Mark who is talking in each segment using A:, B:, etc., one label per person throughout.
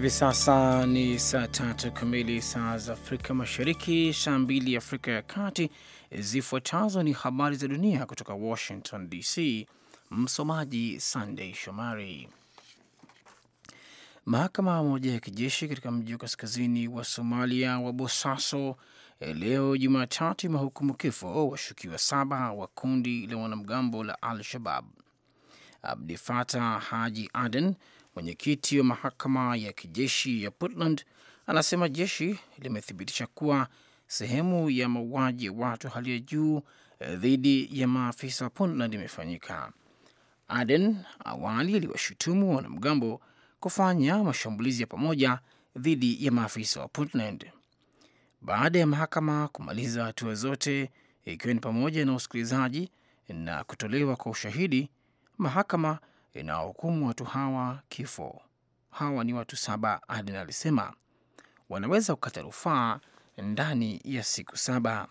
A: Hivi sasa ni saa tatu kamili saa za Afrika Mashariki, saa mbili Afrika ya Kati. Zifuatazo ni habari za dunia kutoka Washington DC. Msomaji sandey Shomari. Mahakama moja ya kijeshi katika mji wa kaskazini wa Somalia wa Bosaso eh, leo Jumatatu imehukumu kifo washukiwa saba wa kundi la wanamgambo la Al Shabab. Abdifata Haji Aden Mwenyekiti wa mahakama ya kijeshi ya Puntland anasema jeshi limethibitisha kuwa sehemu ya mauaji ya watu hali ya juu eh, dhidi ya maafisa wa Puntland imefanyika. Aden awali aliwashutumu wanamgambo kufanya mashambulizi ya pamoja dhidi ya maafisa wa Puntland. Baada ya mahakama kumaliza hatua zote, ikiwa ni pamoja na usikilizaji na kutolewa kwa ushahidi, mahakama inawahukumu watu hawa kifo. Hawa ni watu saba, Aden alisema. Wanaweza kukata rufaa ndani ya siku saba,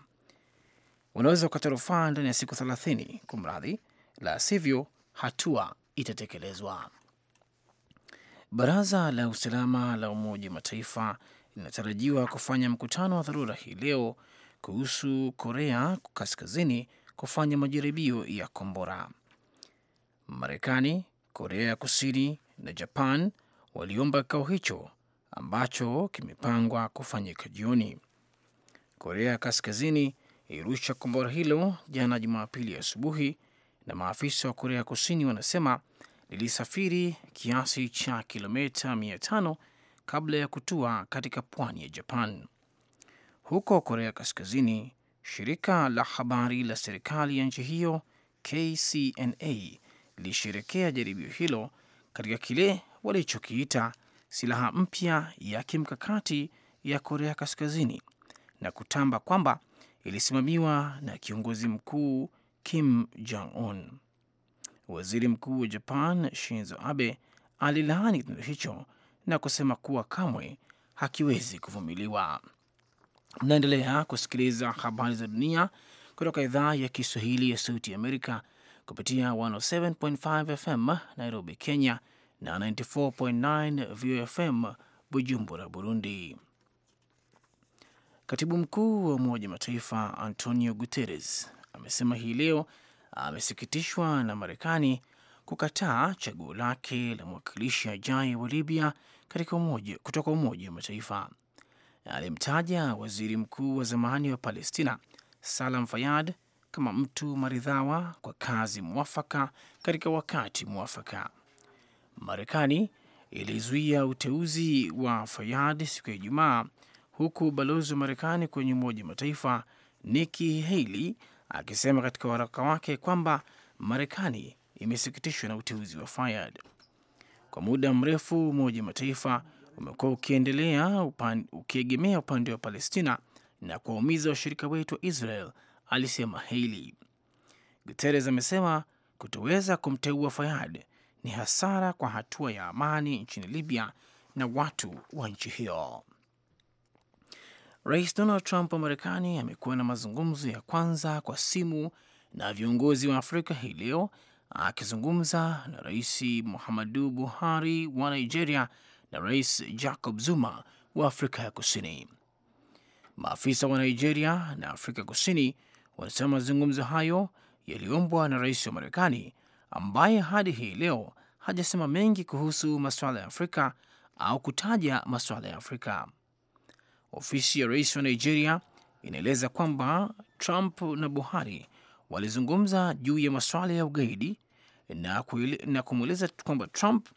A: wanaweza kukata rufaa ndani ya siku thelathini, kumradhi, la sivyo hatua itatekelezwa. Baraza la usalama la Umoja wa Mataifa linatarajiwa kufanya mkutano wa dharura hii leo kuhusu Korea Kaskazini kufanya majaribio ya kombora. Marekani Korea ya Kusini na Japan waliomba kikao hicho ambacho kimepangwa kufanyika jioni. Korea Kaskazini ilirusha kombora hilo jana Jumapili asubuhi, na maafisa wa Korea Kusini wanasema lilisafiri kiasi cha kilomita 500 kabla ya kutua katika pwani ya Japan. Huko Korea Kaskazini, shirika la habari la serikali ya nchi hiyo KCNA lilisherekea jaribio hilo katika kile walichokiita silaha mpya ya kimkakati ya Korea Kaskazini na kutamba kwamba ilisimamiwa na kiongozi mkuu Kim Jong Un. Waziri mkuu wa Japan Shinzo Abe alilaani kitendo hicho na kusema kuwa kamwe hakiwezi kuvumiliwa. Mnaendelea kusikiliza habari za dunia kutoka idhaa ya Kiswahili ya Sauti ya Amerika kupitia 107.5 FM Nairobi, Kenya na 94.9 VFM Bujumbura, Burundi. Katibu mkuu wa Umoja Mataifa Antonio Guterres amesema hii leo amesikitishwa na Marekani kukataa chaguo lake la mwakilishi ajaye wa Libya katika umoja, kutoka Umoja wa Mataifa. Alimtaja waziri mkuu wa zamani wa Palestina Salam Fayad kama mtu maridhawa kwa kazi mwafaka katika wakati mwafaka. Marekani ilizuia uteuzi wa Fayad siku ya Ijumaa, huku balozi wa Marekani kwenye Umoja Mataifa Nikki Haley akisema katika waraka wake kwamba Marekani imesikitishwa na uteuzi wa Fayad. Kwa muda mrefu Umoja Mataifa umekuwa ukiendelea upan, ukiegemea upande wa Palestina na kuwaumiza washirika wetu wa Israel alisema Haley. Guterres amesema kutoweza kumteua Fayad ni hasara kwa hatua ya amani nchini Libya na watu wa nchi hiyo. Rais Donald Trump wa Marekani amekuwa na mazungumzo ya kwanza kwa simu na viongozi wa Afrika hii leo, akizungumza na Rais Muhammadu Buhari wa Nigeria na Rais Jacob Zuma wa Afrika ya Kusini. Maafisa wa Nigeria na Afrika Kusini wanasema mazungumzo hayo yaliombwa na rais wa Marekani ambaye hadi hii leo hajasema mengi kuhusu masuala ya Afrika au kutaja masuala ya Afrika. Ofisi ya rais wa Nigeria inaeleza kwamba Trump na Buhari walizungumza juu ya masuala ya ugaidi na, na kumweleza kwamba Trump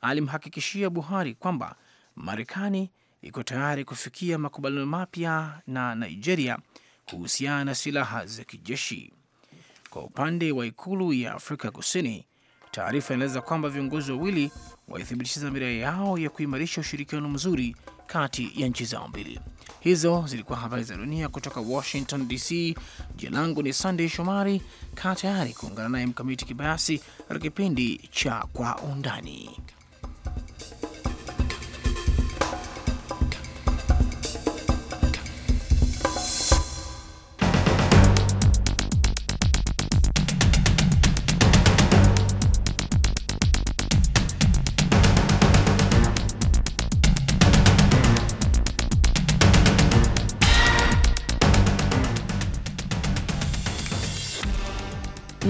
A: alimhakikishia Buhari kwamba Marekani iko tayari kufikia makubaliano mapya na Nigeria kuhusiana na silaha za kijeshi. Kwa upande wa ikulu ya Afrika Kusini, taarifa inaeleza kwamba viongozi wawili walithibitisha dhamira yao ya kuimarisha ushirikiano mzuri kati ya nchi zao mbili. Hizo zilikuwa habari za dunia kutoka Washington DC. Jina langu ni Sandey Shomari. Kaa tayari kuungana naye Mkamiti Kibayasi katika kipindi cha Kwa Undani.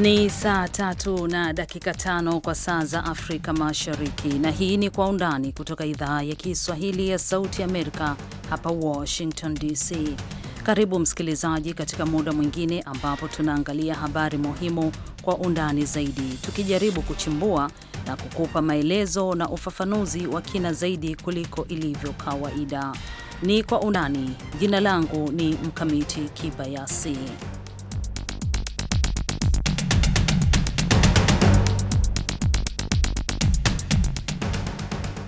B: Ni saa tatu na dakika tano kwa saa za Afrika Mashariki, na hii ni Kwa Undani kutoka idhaa ya Kiswahili ya Sauti Amerika, hapa Washington DC. Karibu msikilizaji, katika muda mwingine ambapo tunaangalia habari muhimu kwa undani zaidi, tukijaribu kuchimbua na kukupa maelezo na ufafanuzi wa kina zaidi kuliko ilivyo kawaida. Ni Kwa Undani. Jina langu ni Mkamiti Kibayasi.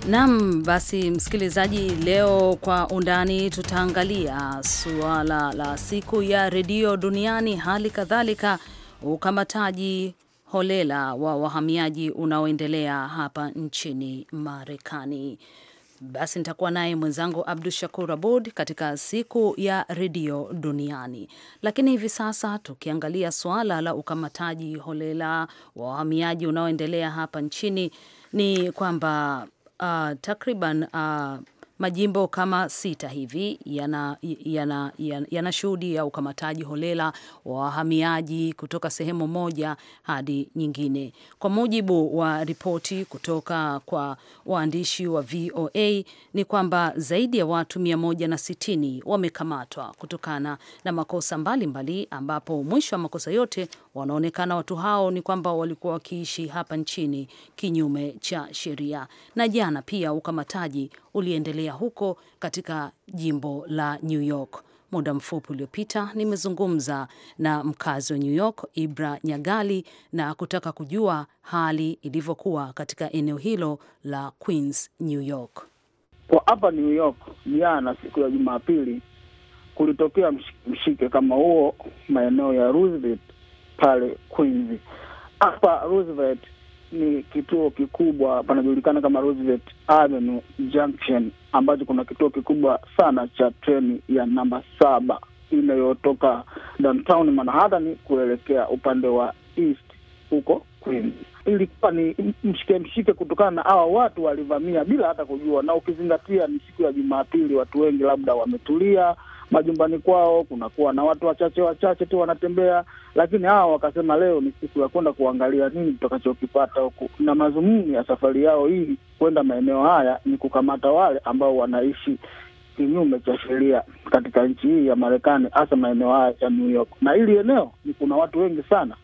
B: nam basi msikilizaji, leo kwa undani tutaangalia suala la siku ya redio duniani, hali kadhalika ukamataji holela wa wahamiaji unaoendelea hapa nchini Marekani. Basi nitakuwa naye mwenzangu Abdu Shakur Abud katika siku ya redio duniani. Lakini hivi sasa tukiangalia suala la ukamataji holela wa wahamiaji unaoendelea hapa nchini, ni kwamba uh, takriban uh, majimbo kama sita hivi yanashuhudia yana, yana, yana ukamataji holela wa wahamiaji kutoka sehemu moja hadi nyingine. Kwa mujibu wa ripoti kutoka kwa waandishi wa VOA ni kwamba zaidi ya watu 160 wamekamatwa kutokana na makosa mbalimbali mbali, ambapo mwisho wa makosa yote Wanaonekana watu hao ni kwamba walikuwa wakiishi hapa nchini kinyume cha sheria. Na jana pia ukamataji uliendelea huko katika jimbo la New York. Muda mfupi uliopita nimezungumza na mkazi wa New York Ibra Nyagali na kutaka kujua hali ilivyokuwa katika eneo hilo la Queens, New York.
C: Kwa hapa New York jana, siku ya Jumapili, kulitokea mshike kama huo maeneo ya Roosevelt pale Queens. Hapa Roosevelt ni kituo kikubwa panajulikana kama Roosevelt Avenue Junction, ambacho kuna kituo kikubwa sana cha treni ya namba saba inayotoka downtown Manhattan kuelekea upande wa east huko Queens. Ilikuwa ni mshike mshike kutokana na hawa watu walivamia bila hata kujua, na ukizingatia ni siku ya Jumapili, watu wengi labda wametulia majumbani kwao, kunakuwa na watu wachache wachache tu wanatembea, lakini hawa wakasema leo ni siku ya kwenda kuangalia nini tutakachokipata huku, na madhumuni ya safari yao hii kwenda maeneo haya ni kukamata wale ambao wanaishi kinyume cha sheria katika nchi hii ya Marekani, hasa maeneo haya ya New York. Na hili eneo ni kuna watu wengi sana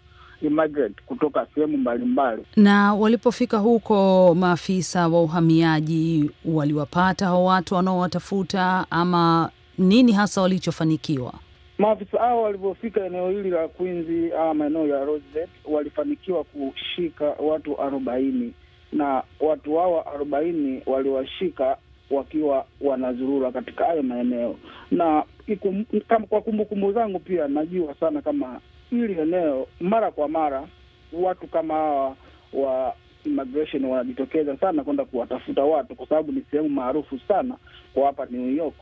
C: immigrant kutoka sehemu mbalimbali.
B: Na walipofika huko, maafisa wa uhamiaji waliwapata hao watu wanaowatafuta, ama nini hasa walichofanikiwa? Maafisa
C: hao walivyofika eneo hili la Kwinzi ama ah, maeneo ya Roosevelt, walifanikiwa kushika watu arobaini na watu hawa arobaini waliwashika wakiwa wanazurura katika hayo maeneo, na ikum, kam, kwa kumbukumbu zangu pia najua sana kama hili eneo mara kwa mara watu kama hawa wa immigration wanajitokeza sana kwenda kuwatafuta watu, kwa sababu ni sehemu maarufu sana kwa hapa New York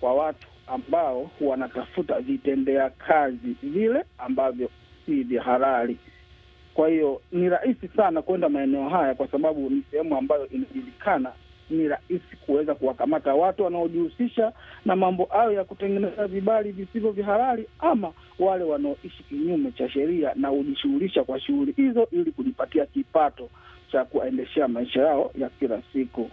C: kwa watu ambao wanatafuta vitendea kazi vile ambavyo si vya halali. Kwa hiyo ni rahisi sana kwenda maeneo haya, kwa sababu ni sehemu ambayo inajulikana. Ni rahisi kuweza kuwakamata watu wanaojihusisha na mambo hayo ya kutengeneza vibali visivyo vya halali, ama wale wanaoishi kinyume cha sheria na hujishughulisha kwa shughuli hizo ili kujipatia kipato cha kuwaendeshea maisha yao ya kila siku.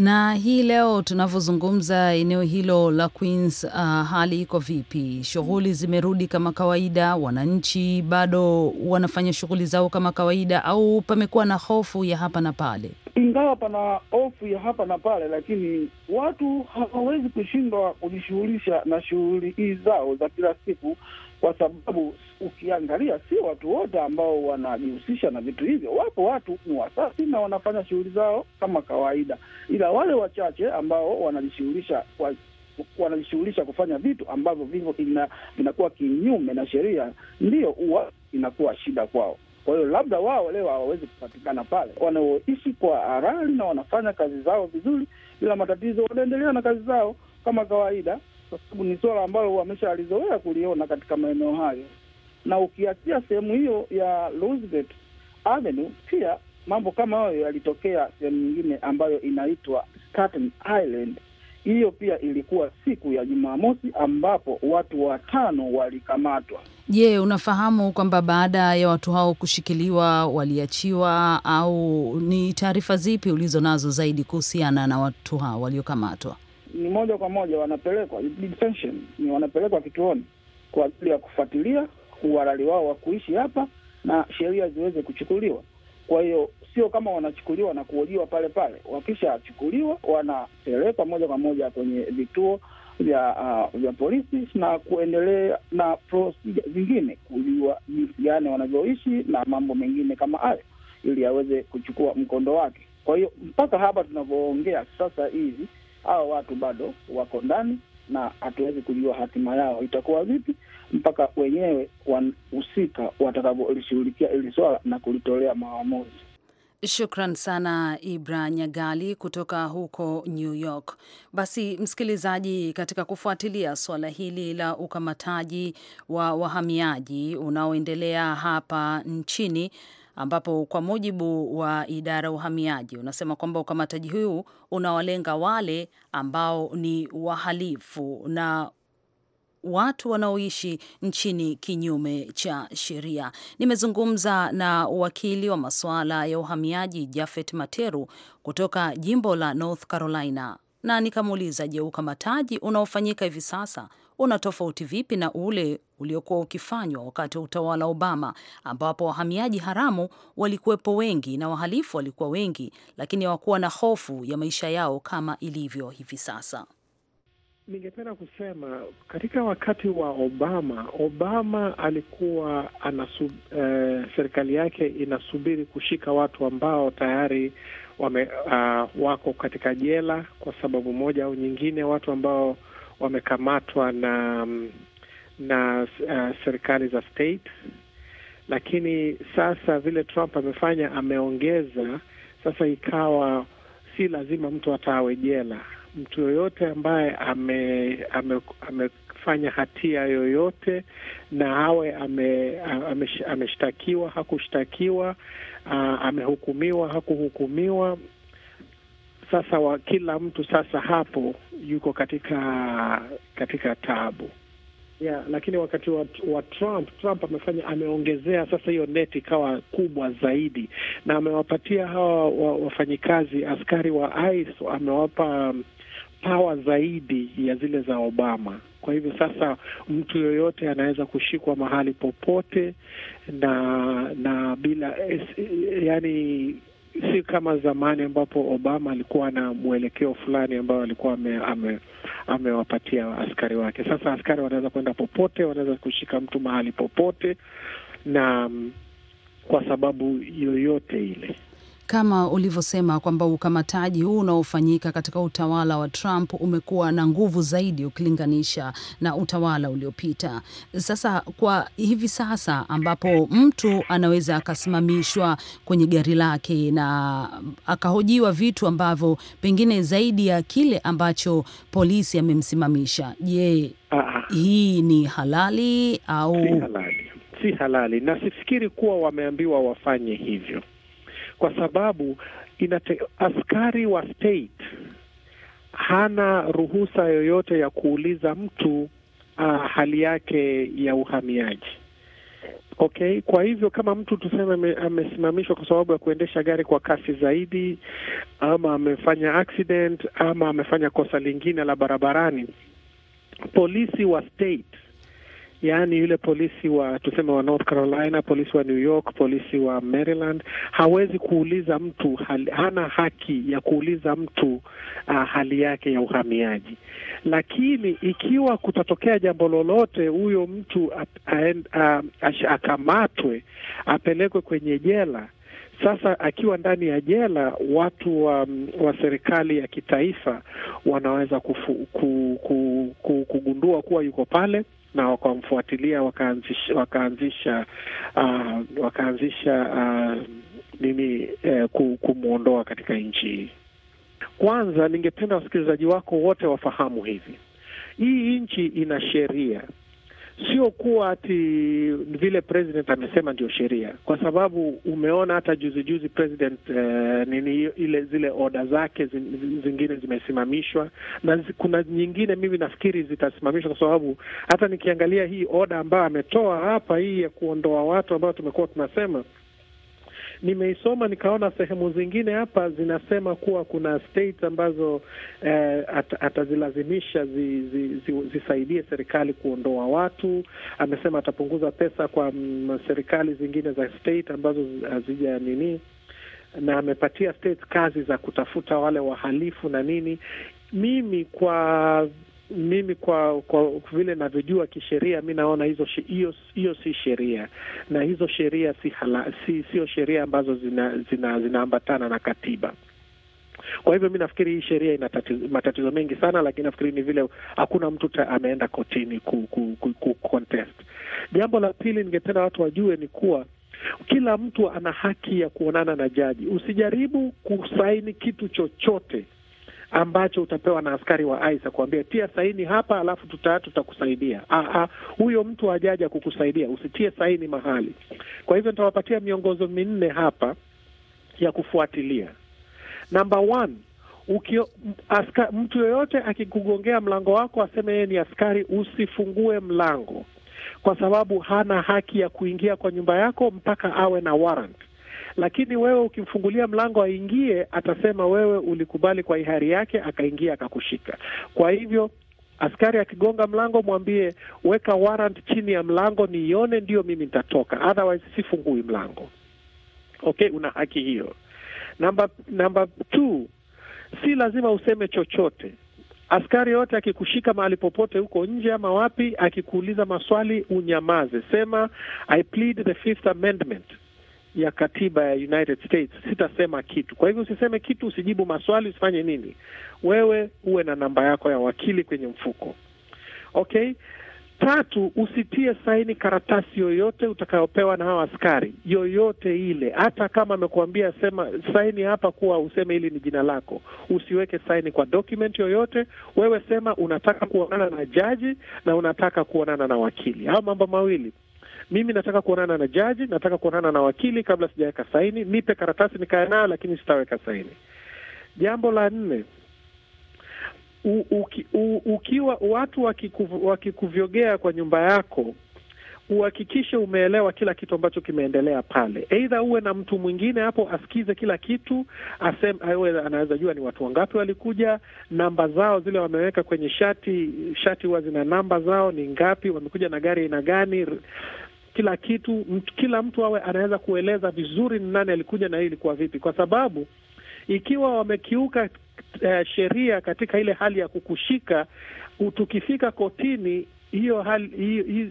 B: Na hii leo tunavyozungumza, eneo hilo la Queens, uh, hali iko vipi? Shughuli zimerudi kama kawaida? Wananchi bado wanafanya shughuli zao kama kawaida, au pamekuwa na hofu ya hapa na pale?
C: ingawa pana ofu ya hapa na pale, lakini watu hawawezi kushindwa kujishughulisha na shughuli hii zao za kila siku, kwa sababu ukiangalia, si watu wote ambao wanajihusisha na vitu hivyo. Wapo watu ni wasafi na wanafanya shughuli zao kama kawaida, ila wale wachache ambao wanajishughulisha kwa wanajishughulisha kufanya vitu ambavyo vivyo vinakuwa kinyume na sheria, ndiyo huwa inakuwa shida kwao. Kwa hiyo labda wao leo hawawezi kupatikana pale, wanaoishi kwa harari na wanafanya kazi zao vizuri, bila matatizo, wanaendelea na kazi zao kama kawaida, kwa sababu ni suala ambalo wamesha alizoea kuliona katika maeneo hayo. Na ukiachia sehemu hiyo ya Roosevelt Avenue, pia mambo kama hayo yalitokea sehemu nyingine ambayo inaitwa Staten Island hiyo pia ilikuwa siku ya Jumamosi ambapo watu watano walikamatwa.
B: Je, unafahamu kwamba baada ya watu hao kushikiliwa waliachiwa au ni taarifa zipi ulizo nazo zaidi kuhusiana na watu hao waliokamatwa?
C: Ni moja kwa moja wanapelekwa detention, ni wanapelekwa kituoni kwa ajili ya kufuatilia uhalali wao wa kuishi hapa na sheria ziweze kuchukuliwa. Kwa hiyo sio kama wanachukuliwa na kuhojiwa pale pale. Wakishachukuliwa wanapelekwa moja kwa moja kwenye vituo vya uh, vya polisi na kuendelea na prosija zingine, kujua jinsi gani wanavyoishi na mambo mengine kama hayo, ili aweze kuchukua mkondo wake. Kwa hiyo mpaka hapa tunavyoongea sasa hivi, hawa watu bado wako ndani na hatuwezi kujua hatima yao itakuwa vipi mpaka wenyewe wahusika watakavyolishughulikia hili swala na kulitolea maamuzi.
B: Shukran sana Ibra Nyagali kutoka huko New York. Basi msikilizaji, katika kufuatilia suala hili la ukamataji wa wahamiaji unaoendelea hapa nchini ambapo kwa mujibu wa idara ya uhamiaji unasema kwamba ukamataji huu unawalenga wale ambao ni wahalifu na watu wanaoishi nchini kinyume cha sheria. Nimezungumza na wakili wa masuala ya uhamiaji Jafet Materu kutoka jimbo la North Carolina na nikamuuliza, je, ukamataji unaofanyika hivi sasa una tofauti vipi na ule uliokuwa ukifanywa wakati wa utawala wa Obama, ambapo wahamiaji haramu walikuwepo wengi na wahalifu walikuwa wengi, lakini hawakuwa na hofu ya maisha yao kama ilivyo hivi sasa
D: ningependa kusema katika wakati wa Obama, Obama alikuwa anasub, eh, serikali yake inasubiri kushika watu ambao tayari wame, uh, wako katika jela kwa sababu moja au nyingine, watu ambao wamekamatwa na na uh, serikali za state. Lakini sasa vile Trump amefanya, ameongeza sasa, ikawa si lazima mtu hata awe jela mtu yoyote ambaye ame, ame, amefanya hatia yoyote na awe ame, ame, ameshtakiwa hakushtakiwa, amehukumiwa hakuhukumiwa. Sasa wa kila mtu sasa hapo yuko katika katika taabu. Yeah, lakini wakati wa, wa Trump Trump amefanya ameongezea sasa hiyo net ikawa kubwa zaidi, na amewapatia hawa wafanyikazi askari wa ICE amewapa um, pawa zaidi ya zile za Obama. Kwa hivyo sasa mtu yoyote anaweza kushikwa mahali popote na na bila eh, yani si kama zamani ambapo Obama alikuwa na mwelekeo fulani ambao alikuwa amewapatia ame, ame askari wake. Sasa askari wanaweza kwenda popote, wanaweza kushika mtu mahali popote na kwa sababu yoyote
B: ile kama ulivyosema kwamba ukamataji huu unaofanyika katika utawala wa Trump umekuwa na nguvu zaidi ukilinganisha na utawala uliopita. Sasa kwa hivi sasa ambapo mtu anaweza akasimamishwa kwenye gari lake na akahojiwa vitu ambavyo pengine zaidi ya kile ambacho polisi amemsimamisha, je, ah, ah. hii ni halali au si
D: halali? Si halali, na sifikiri kuwa wameambiwa wafanye hivyo kwa sababu inate, askari wa state hana ruhusa yoyote ya kuuliza mtu uh, hali yake ya uhamiaji. Okay, kwa hivyo kama mtu tuseme amesimamishwa kwa sababu ya kuendesha gari kwa kasi zaidi, ama amefanya accident, ama amefanya kosa lingine la barabarani, polisi wa state yaani yule polisi wa tuseme wa North Carolina, polisi wa New York, polisi wa Maryland hawezi kuuliza mtu hali, hana haki ya kuuliza mtu uh, hali yake ya uhamiaji. Lakini ikiwa kutatokea jambo lolote, huyo mtu ah, akamatwe, apelekwe kwenye jela sasa akiwa ndani ya jela, watu wa, wa serikali ya kitaifa wanaweza kufu, ku, ku, ku, kugundua kuwa yuko pale na wakamfuatilia wakaanzisha wakaanzisha uh, wakaanzisha uh, nini eh, kumwondoa katika nchi hii. Kwanza ningependa wasikilizaji wako wote wafahamu hivi, hii nchi ina sheria sio kuwa ati vile president amesema ndio sheria, kwa sababu umeona hata juzi juzi president uh, nini ile zile oda zake zingine zimesimamishwa, na kuna nyingine mimi nafikiri zitasimamishwa, kwa sababu hata nikiangalia hii oda ambayo ametoa hapa hii ya kuondoa watu ambao tumekuwa tunasema nimeisoma nikaona sehemu zingine hapa zinasema kuwa kuna states ambazo eh, at, atazilazimisha zi, zi, zi, zisaidie serikali kuondoa watu. Amesema atapunguza pesa kwa m, mm, serikali zingine za state ambazo hazija nini na amepatia kazi za kutafuta wale wahalifu na nini. Mimi kwa mimi kwa kwa vile navyojua kisheria, mi naona hizo hiyo si sheria, na hizo sheria si hala, si sio sheria ambazo zinaambatana zina, zina na katiba. Kwa hivyo mi nafikiri hii sheria ina matatizo mengi sana, lakini nafikiri ni vile hakuna mtu ameenda kotini ku, ku, ku, ku contest. Jambo la pili ningependa watu wajue ni kuwa kila mtu ana haki ya kuonana na jaji. Usijaribu kusaini kitu chochote ambacho utapewa na askari wa ICE kuambia tia saini hapa, alafu tuta tutakusaidia. Huyo mtu hajaja kukusaidia, usitie saini mahali. Kwa hivyo nitawapatia miongozo minne hapa ya kufuatilia. Namba one, Ukio, aska, mtu yoyote akikugongea mlango wako aseme yeye ni askari, usifungue mlango, kwa sababu hana haki ya kuingia kwa nyumba yako mpaka awe na warrant lakini wewe ukimfungulia mlango aingie, atasema wewe ulikubali kwa hiari yake, akaingia akakushika. Kwa hivyo askari akigonga mlango, mwambie weka warrant chini ya mlango nione ndio mimi nitatoka, otherwise sifungui mlango. Okay, una haki hiyo. Namba namba two, si lazima useme chochote. Askari yote akikushika mahali popote huko nje ama wapi, akikuuliza maswali unyamaze, sema I plead the Fifth Amendment ya katiba ya United States, sitasema kitu. Kwa hivyo usiseme kitu, usijibu maswali, usifanye nini. Wewe uwe na namba yako ya wakili kwenye mfuko, okay. Tatu, usitie saini karatasi yoyote utakayopewa na hawa askari yoyote ile, hata kama amekuambia sema saini hapa kuwa useme hili ni jina lako, usiweke saini kwa document yoyote. Wewe sema unataka kuonana na jaji na unataka kuonana na wakili, hao mambo mawili mimi nataka kuonana na jaji, nataka kuonana na wakili kabla sijaweka saini, nipe karatasi nikae nayo, lakini sitaweka saini. Jambo la nne, u, uki, u, ukiwa watu wakiku, wakikuvyogea kwa nyumba yako uhakikishe umeelewa kila kitu ambacho kimeendelea pale. Eidha uwe na mtu mwingine hapo asikize kila kitu, asem awe anaweza jua ni watu wangapi walikuja, namba zao zile wameweka kwenye shati. Shati huwa zina namba zao ni ngapi, wamekuja na gari aina gani, kila kitu mtu, kila mtu awe anaweza kueleza vizuri ni nani alikuja na hii ilikuwa vipi, kwa sababu ikiwa wamekiuka uh, sheria katika ile hali ya kukushika, tukifika kotini hiyo hali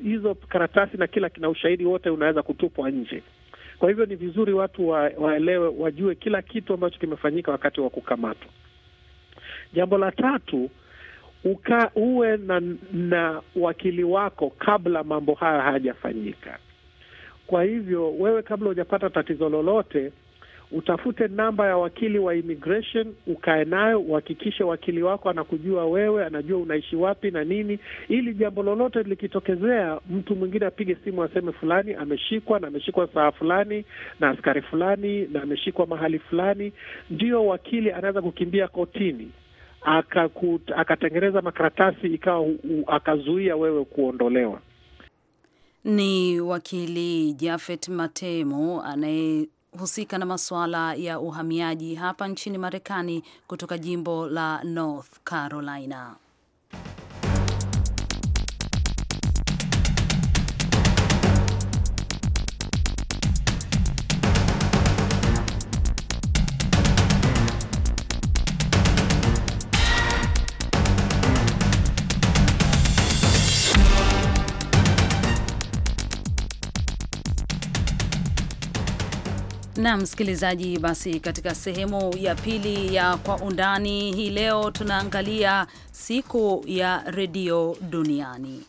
D: hizo karatasi na kila kina ushahidi wote unaweza kutupwa nje. Kwa hivyo ni vizuri watu wa, waelewe wajue kila kitu ambacho kimefanyika wakati wa kukamatwa. Jambo la tatu uka, uwe na, na wakili wako kabla mambo haya hayajafanyika. Kwa hivyo wewe, kabla hujapata tatizo lolote, utafute namba ya wakili wa immigration, ukae nayo, uhakikishe wakili wako anakujua wewe, anajua unaishi wapi na nini, ili jambo lolote likitokezea, mtu mwingine apige simu aseme fulani ameshikwa na ameshikwa saa fulani na askari fulani na ameshikwa mahali fulani, ndio wakili anaweza kukimbia kotini akatengeneza makaratasi ikawa akazuia wewe kuondolewa.
B: Ni wakili Jafet Matemo anayehusika na masuala ya uhamiaji hapa nchini Marekani kutoka jimbo la North Carolina. Na msikilizaji, basi katika sehemu ya pili ya Kwa Undani hii leo tunaangalia siku ya redio duniani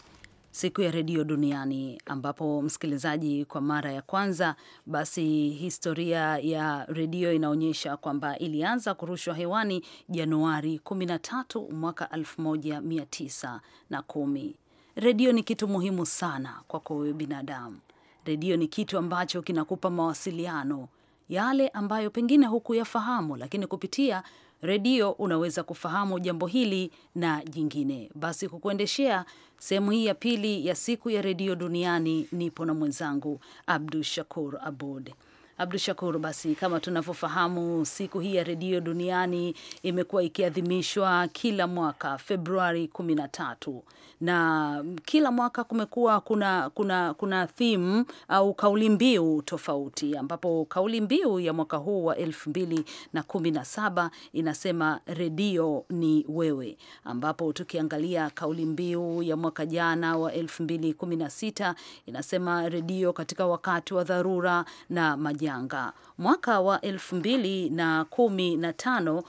B: siku ya redio duniani ambapo msikilizaji, kwa mara ya kwanza basi, historia ya redio inaonyesha kwamba ilianza kurushwa hewani Januari 13 mwaka 1910. Redio ni kitu muhimu sana kwako wewe binadamu. Redio ni kitu ambacho kinakupa mawasiliano yale ambayo pengine hukuyafahamu, lakini kupitia redio unaweza kufahamu jambo hili na jingine. Basi kukuendeshea sehemu hii ya pili ya siku ya redio duniani nipo na mwenzangu Abdu Shakur Abud. Abdu Shakur, basi kama tunavyofahamu, siku hii ya redio duniani imekuwa ikiadhimishwa kila mwaka Februari kumi na tatu na kila mwaka kumekuwa kuna, kuna, kuna theme au kauli mbiu tofauti, ambapo kauli mbiu ya mwaka huu wa elfu mbili na kumi na saba inasema redio ni wewe, ambapo tukiangalia kauli mbiu ya mwaka jana wa elfu mbili kumi na sita inasema redio katika wakati wa dharura na majanga. Mwaka wa elfu mbili na kumi na tano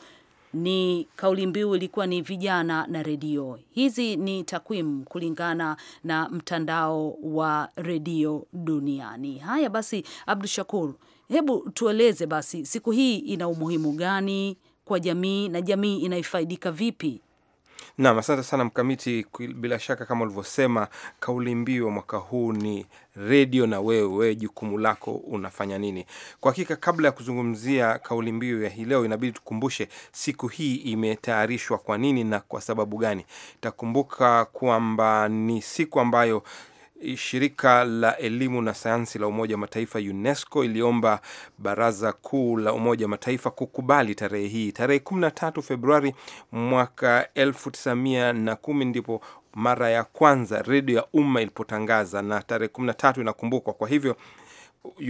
B: ni kauli mbiu ilikuwa ni vijana na redio. Hizi ni takwimu kulingana na mtandao wa redio duniani. Haya basi, Abdu Shakur, hebu tueleze basi siku hii ina umuhimu gani kwa jamii na jamii inaifaidika vipi
E: Naam, asante sana Mkamiti. Bila shaka kama ulivyosema, kauli mbiu ya mwaka huu ni redio na wewe, wewe jukumu lako unafanya nini? Kwa hakika, kabla ya kuzungumzia kauli mbiu ya hii leo, inabidi tukumbushe siku hii imetayarishwa kwa nini na kwa sababu gani. takumbuka kwamba ni siku ambayo Shirika la elimu na sayansi la Umoja wa Mataifa UNESCO iliomba Baraza Kuu la Umoja wa Mataifa kukubali tarehe hii. Tarehe 13 Februari mwaka 1910 ndipo mara ya kwanza redio ya umma ilipotangaza, na tarehe 13 inakumbukwa kwa hivyo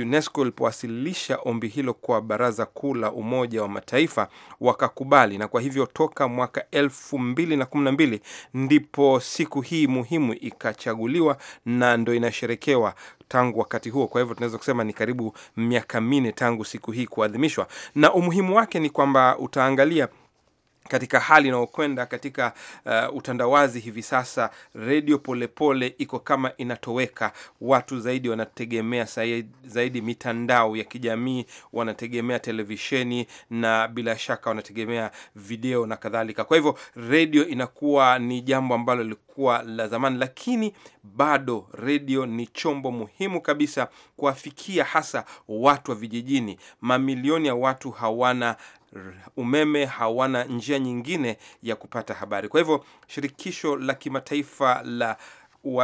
E: UNESCO ilipowasilisha ombi hilo kwa Baraza Kuu la Umoja wa Mataifa wakakubali, na kwa hivyo toka mwaka elfu mbili na kumi na mbili ndipo siku hii muhimu ikachaguliwa na ndo inasherekewa tangu wakati huo. Kwa hivyo tunaweza kusema ni karibu miaka minne tangu siku hii kuadhimishwa, na umuhimu wake ni kwamba utaangalia katika hali inayokwenda katika uh, utandawazi hivi sasa, redio polepole iko kama inatoweka. Watu zaidi wanategemea zaidi mitandao ya kijamii, wanategemea televisheni na bila shaka wanategemea video na kadhalika. Kwa hivyo redio inakuwa ni jambo ambalo lilikuwa la zamani, lakini bado redio ni chombo muhimu kabisa kuwafikia hasa watu wa vijijini. Mamilioni ya watu hawana umeme, hawana njia nyingine ya kupata habari. Kwa hivyo shirikisho la kimataifa la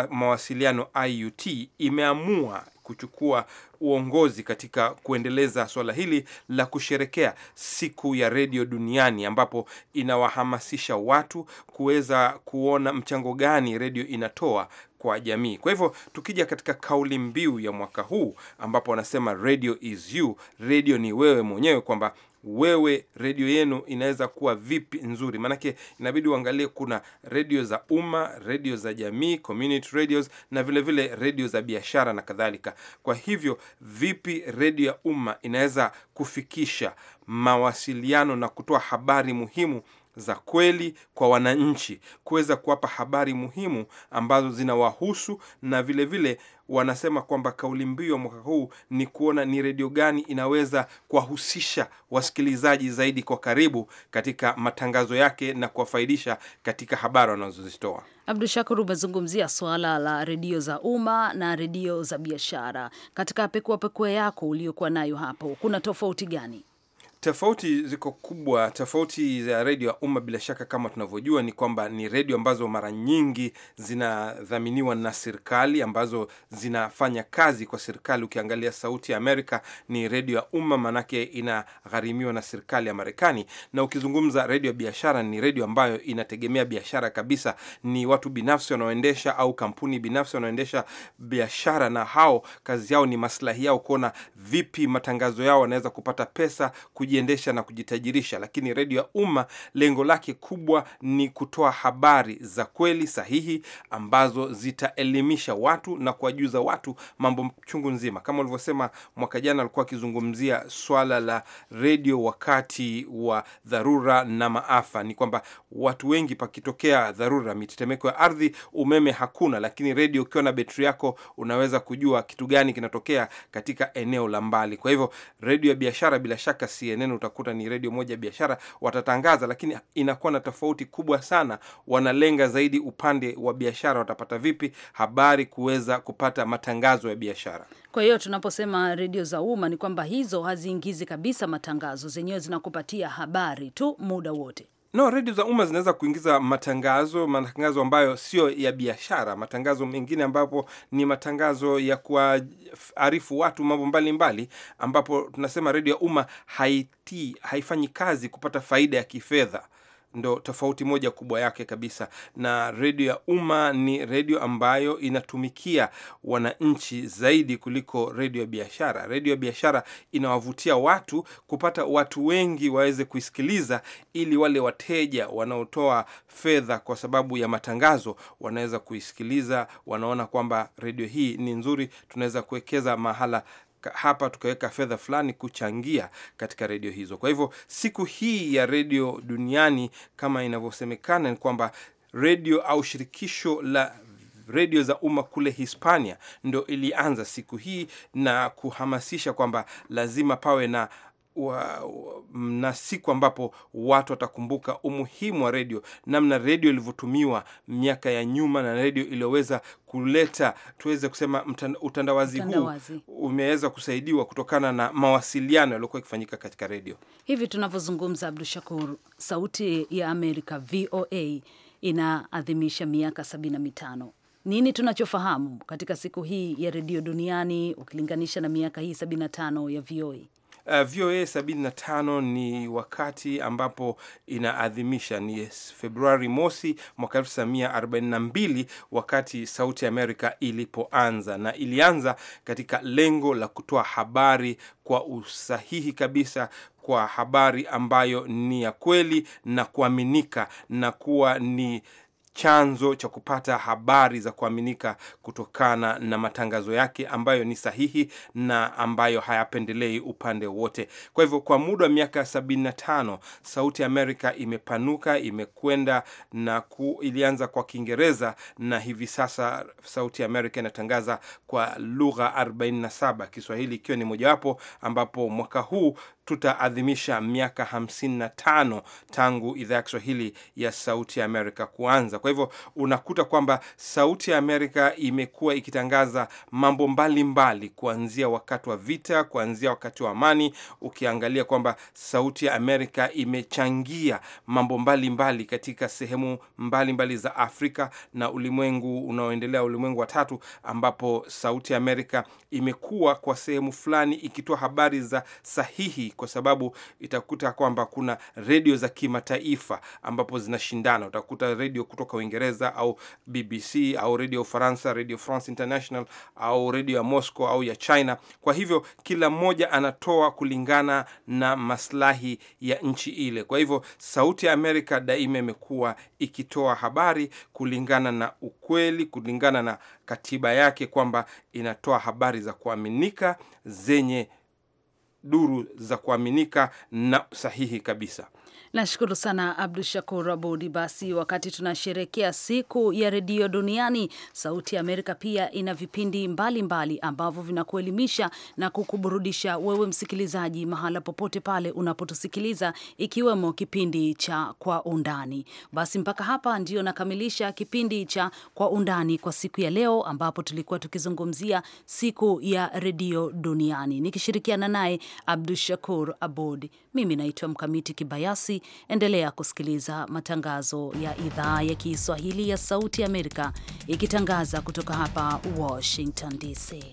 E: mawasiliano IUT imeamua kuchukua uongozi katika kuendeleza suala hili la kusherekea siku ya redio duniani, ambapo inawahamasisha watu kuweza kuona mchango gani redio inatoa kwa jamii. Kwa hivyo tukija katika kauli mbiu ya mwaka huu ambapo wanasema radio is you, redio ni wewe mwenyewe, kwamba wewe redio yenu inaweza kuwa vipi nzuri. Maanake inabidi uangalie, kuna redio za umma, redio za jamii, community radios, na vilevile redio za biashara na kadhalika. Kwa hivyo, vipi redio ya umma inaweza kufikisha mawasiliano na kutoa habari muhimu za kweli kwa wananchi, kuweza kuwapa habari muhimu ambazo zinawahusu na vilevile vile, wanasema kwamba kauli mbiu ya mwaka huu ni kuona ni redio gani inaweza kuwahusisha wasikilizaji zaidi kwa karibu katika matangazo yake na kuwafaidisha katika habari wanazozitoa.
B: Abdu Shakur, umezungumzia suala la redio za umma na redio za biashara. Katika pekuapekua yako uliokuwa nayo hapo, kuna tofauti gani?
E: Tofauti ziko kubwa. Tofauti za redio ya umma bila shaka, kama tunavyojua, ni kwamba ni redio ambazo mara nyingi zinadhaminiwa na serikali, ambazo zinafanya kazi kwa serikali. Ukiangalia Sauti ya Amerika ni redio ya umma, maanake inagharimiwa na serikali ya Marekani. Na ukizungumza redio ya biashara, ni redio ambayo inategemea biashara kabisa, ni watu binafsi wanaoendesha au kampuni binafsi wanaoendesha biashara, na hao kazi yao ni maslahi yao, kuona vipi matangazo yao wanaweza kupata pesa kujiendesha na kujitajirisha, lakini redio ya umma lengo lake kubwa ni kutoa habari za kweli sahihi, ambazo zitaelimisha watu na kuwajuza watu mambo chungu nzima. Kama ulivyosema, mwaka jana alikuwa akizungumzia swala la redio wakati wa dharura na maafa. Ni kwamba watu wengi, pakitokea dharura, mitetemeko ya ardhi, umeme hakuna, lakini redio ukiwa na betri yako unaweza kujua kitu gani kinatokea katika eneo la mbali. Kwa hivyo redio ya biashara bila shaka si CNN utakuta ni redio moja ya biashara watatangaza, lakini inakuwa na tofauti kubwa sana. Wanalenga zaidi upande wa biashara, watapata vipi habari kuweza kupata matangazo ya biashara.
B: Kwa hiyo tunaposema redio za umma ni kwamba hizo haziingizi kabisa matangazo, zenyewe zinakupatia habari tu muda wote.
E: No, redio za umma zinaweza kuingiza matangazo, matangazo ambayo sio ya biashara, matangazo mengine ambapo ni matangazo ya kuwaarifu watu mambo mbalimbali, ambapo tunasema redio ya umma haitii haifanyi kazi kupata faida ya kifedha ndo tofauti moja kubwa yake kabisa. Na redio ya umma ni redio ambayo inatumikia wananchi zaidi kuliko redio ya biashara. Redio ya biashara inawavutia watu kupata watu wengi waweze kuisikiliza, ili wale wateja wanaotoa fedha kwa sababu ya matangazo wanaweza kuisikiliza, wanaona kwamba redio hii ni nzuri, tunaweza kuwekeza mahala hapa tukaweka fedha fulani kuchangia katika redio hizo. Kwa hivyo siku hii ya redio duniani kama inavyosemekana ni kwamba redio au shirikisho la redio za umma kule Hispania ndo ilianza siku hii na kuhamasisha kwamba lazima pawe na wa, na siku ambapo watu watakumbuka umuhimu wa redio, namna redio ilivyotumiwa miaka ya nyuma na redio iliyoweza kuleta tuweze kusema mtanda, utandawazi, utandawazi huu umeweza kusaidiwa kutokana na mawasiliano yaliyokuwa ikifanyika katika redio.
B: Hivi tunavyozungumza, Abdu Shakur, Sauti ya Amerika VOA inaadhimisha miaka sabini na mitano. Nini tunachofahamu katika siku hii ya redio duniani ukilinganisha na miaka hii tano ya VOA?
E: Uh, VOA 75 ni wakati ambapo inaadhimisha, ni Februari mosi mwaka 1942 wakati Sauti Amerika ilipoanza, na ilianza katika lengo la kutoa habari kwa usahihi kabisa kwa habari ambayo ni ya kweli na kuaminika na kuwa ni chanzo cha kupata habari za kuaminika kutokana na matangazo yake ambayo ni sahihi na ambayo hayapendelei upande wote. Kwa hivyo kwa muda wa miaka tano Sauti Amerika imepanuka imekwenda na ku, ilianza kwa Kiingereza na hivi sasa Sauti Amerika inatangaza kwa lugha 47 Kiswahili ikiwa ni mojawapo, ambapo mwaka huu tutaadhimisha miaka 55 tangu idhaa ya Kiswahili ya Sauti ya Amerika kuanza. Kwa hivyo unakuta kwamba Sauti ya Amerika imekuwa ikitangaza mambo mbalimbali kuanzia wakati wa vita, kuanzia wakati wa amani. Ukiangalia kwamba Sauti ya Amerika imechangia mambo mbalimbali mbali katika sehemu mbalimbali mbali za Afrika na ulimwengu unaoendelea, ulimwengu wa tatu, ambapo Sauti ya Amerika imekuwa kwa sehemu fulani ikitoa habari za sahihi kwa sababu itakuta kwamba kuna redio za kimataifa ambapo zinashindana. Utakuta redio kutoka Uingereza au BBC au redio ya Ufaransa, Radio France International au redio ya Moscow au ya China. Kwa hivyo kila mmoja anatoa kulingana na maslahi ya nchi ile. Kwa hivyo Sauti ya Amerika daima imekuwa ikitoa habari kulingana na ukweli, kulingana na katiba yake kwamba inatoa habari za kuaminika zenye duru za kuaminika na sahihi kabisa.
B: Nashukuru sana Abdu Shakur Abudi. Basi wakati tunasherekea siku ya redio duniani, Sauti ya Amerika pia ina vipindi mbalimbali ambavyo vinakuelimisha na kukuburudisha wewe msikilizaji, mahala popote pale unapotusikiliza, ikiwemo kipindi cha Kwa Undani. Basi mpaka hapa ndio nakamilisha kipindi cha Kwa Undani kwa siku ya leo, ambapo tulikuwa tukizungumzia siku ya redio duniani nikishirikiana naye Abdu Shakur Abud. Mimi naitwa Mkamiti Kibayasi. Endelea kusikiliza matangazo ya idhaa ya Kiswahili ya Sauti Amerika ikitangaza kutoka hapa Washington DC.